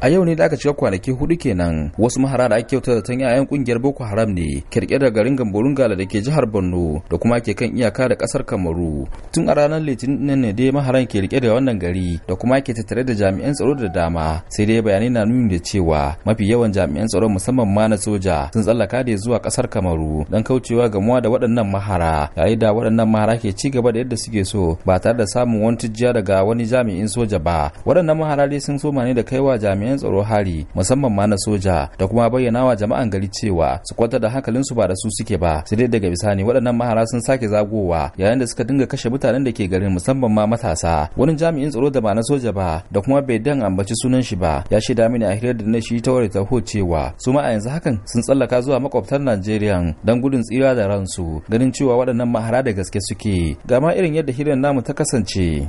a yau ne da aka cika kwanaki hudu kenan wasu mahara da ake kyauta da tan yayan kungiyar boko haram ne da garin gamborun gala da ke jihar borno da kuma ke kan iyaka da kasar kamaru tun a ranar litinin ne dai maharan ke rike da wannan gari da kuma ke tattare da jami'an tsaro da dama sai dai bayanai na nuni da cewa mafi yawan jami'an tsaro musamman ma na soja sun tsallaka da zuwa kasar kamaru don kaucewa gamuwa da waɗannan mahara yayin da waɗannan mahara ke ci gaba da yadda suke so ba tare da samun wani tijjiya daga wani jami'in soja ba waɗannan mahara dai sun so ne da kaiwa jami'an jami'an tsaro hari musamman ma na soja da kuma bayyana wa jama'an gari cewa su kwantar da hankalinsu ba da su suke ba sai dai daga bisani waɗannan mahara sun sake zagowa yayin da suka dinga kashe mutanen da ke garin musamman ma matasa wani jami'in tsaro da ba na soja ba da kuma bai dan ambaci sunan shi ba ya shaida mini a hirar da na shi ta ta taho cewa su ma a yanzu hakan sun tsallaka zuwa makwabtar Najeriya dan gudun tsira da ransu ganin cewa waɗannan mahara da gaske suke ga ma irin yadda hirar namu ta kasance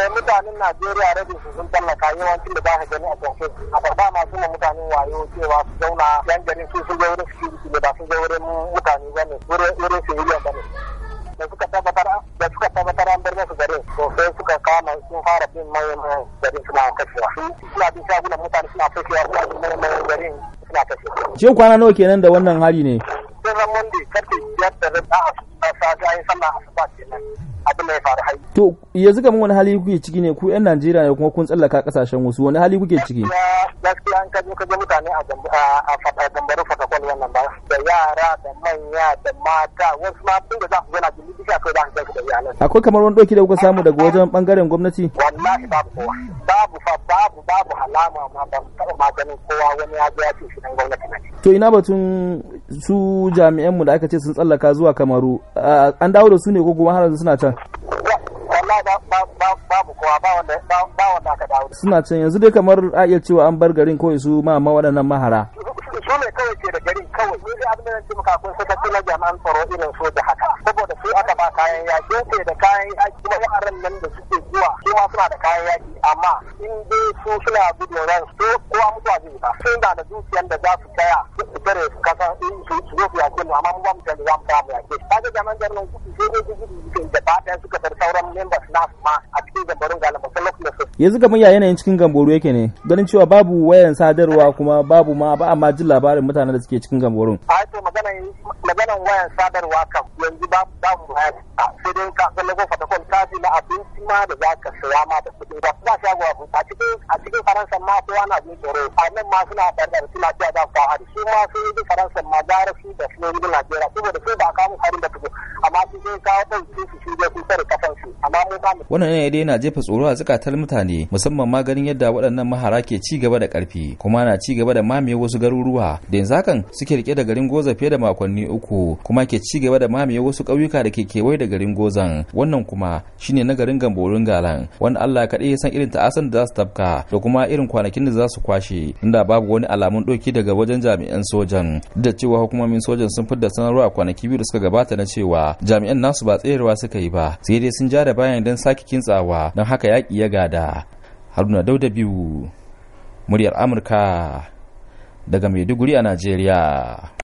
mutanen Najeriya rabin su sun tallaka yawancin da za ka gani a kwanfe a farba masu ma mutanen wayo cewa su zauna yan ganin su sun zaure su security ne ba sun mutane ba ne wurin civilian yi ne da suka tabbatar da suka tabbatar an bar masu garin to sai suka kama sun fara bin mayan mayan garin suna kashewa suna bin shagunan mutane suna fashewa suna bin mayan mayan garin suna kashewa. ce kwana nawa kenan da wannan hari ne? Sai ran karfe biyar da rabi a safe an yi sallah asuba kenan. abin da ya faru hali. To yanzu kamar wani hali kuke ciki ne ku 'yan Najeriya ne kuma kun tsallaka kasashen wasu wani hali kuke ciki? Gaskiya an kaje kaje mutane a gambarin fatakwal wannan ba da yara da manya da mata wasu ma tun da za su zana jini bisa kai za su da iyalan. Akwai kamar wani ɗauki da kuka samu daga wajen ɓangaren gwamnati? Wallahi babu kowa babu fa babu babu alama ma ban taɓa maganin kowa wani ya zo ya ce shi dan gwamnati ne. To ina batun su jami'an mu da aka ce sun tsallaka zuwa Kamaru an dawo da su ne ko kuma har yanzu suna can? babu kowa ba wanda ba wanda aka dawo. Suna can yanzu dai kamar a iya cewa an bar garin kawai su ma ma waɗannan mahara. Su ne kawai ke da garin kawai ni dai abin da zan ce maka akwai sakaci na jami'an tsaro irin soja haka saboda sai aka ba kayan yaƙi sai da kayan yaƙi kuma wa'annan nan da suke zuwa su ma suna da kayan yaki amma in dai su suna gudun ran su kowa mutuwa zai ba sun da da dukiyan da za su kaya su tare su kasa in su su zo su yaƙe mu amma mu ba mu da za mu samu yaƙe kaga jami'an tsaro nan gudu sai dai gudu da ba ɗaya suka bar sauran members nasu ma a cikin zambarin galin yanzu kamar ya yanayin cikin gamboro yake ne ganin cewa babu wayan sadarwa kuma babu ma ba amma jin labarin mutanen da suke cikin gamboron a to maganan maganan wayan sadarwa kam yanzu babu babu wayan sai dai ka ga lagos protocol ka ji na abinci ma da za ka saya ma da kuɗi ba za shago abu a cikin a cikin faransa ma kowa na jin tsoro a nan ma suna ɓarɓar suna cewa za ku hari su ma sun yi faransa ma zarafi da su ne rigin najeriya saboda sai ba a kawo harin da tuku amma su sai kawo ɗauki wannan ne dai na jefa tsoro a zukatar mutane musamman ma ganin yadda waɗannan mahara ke ci gaba da ƙarfi kuma na ci gaba da mamaye wasu garuruwa da yanzu hakan suke rike da garin goza fiye da makonni uku kuma ke ci gaba da mamaye wasu ƙauyuka da ke kewaye da garin gozan wannan kuma shine na garin gamborin galan wanda Allah kaɗai ya san irin ta'asan da za su tafka da kuma irin kwanakin da za su kwashe inda babu wani alamun ɗauki daga wajen jami'an sojan da cewa hukumomin sojan sun fidda sanarwa kwanaki biyu da suka gabata na cewa jami'an nasu ba tserewa suka yi ba sai dai sun ja da bayan don sake aka kintsawa don haka ya yaƙi ya gada haruna dauda biyu muryar amurka daga maiduguri a najeriya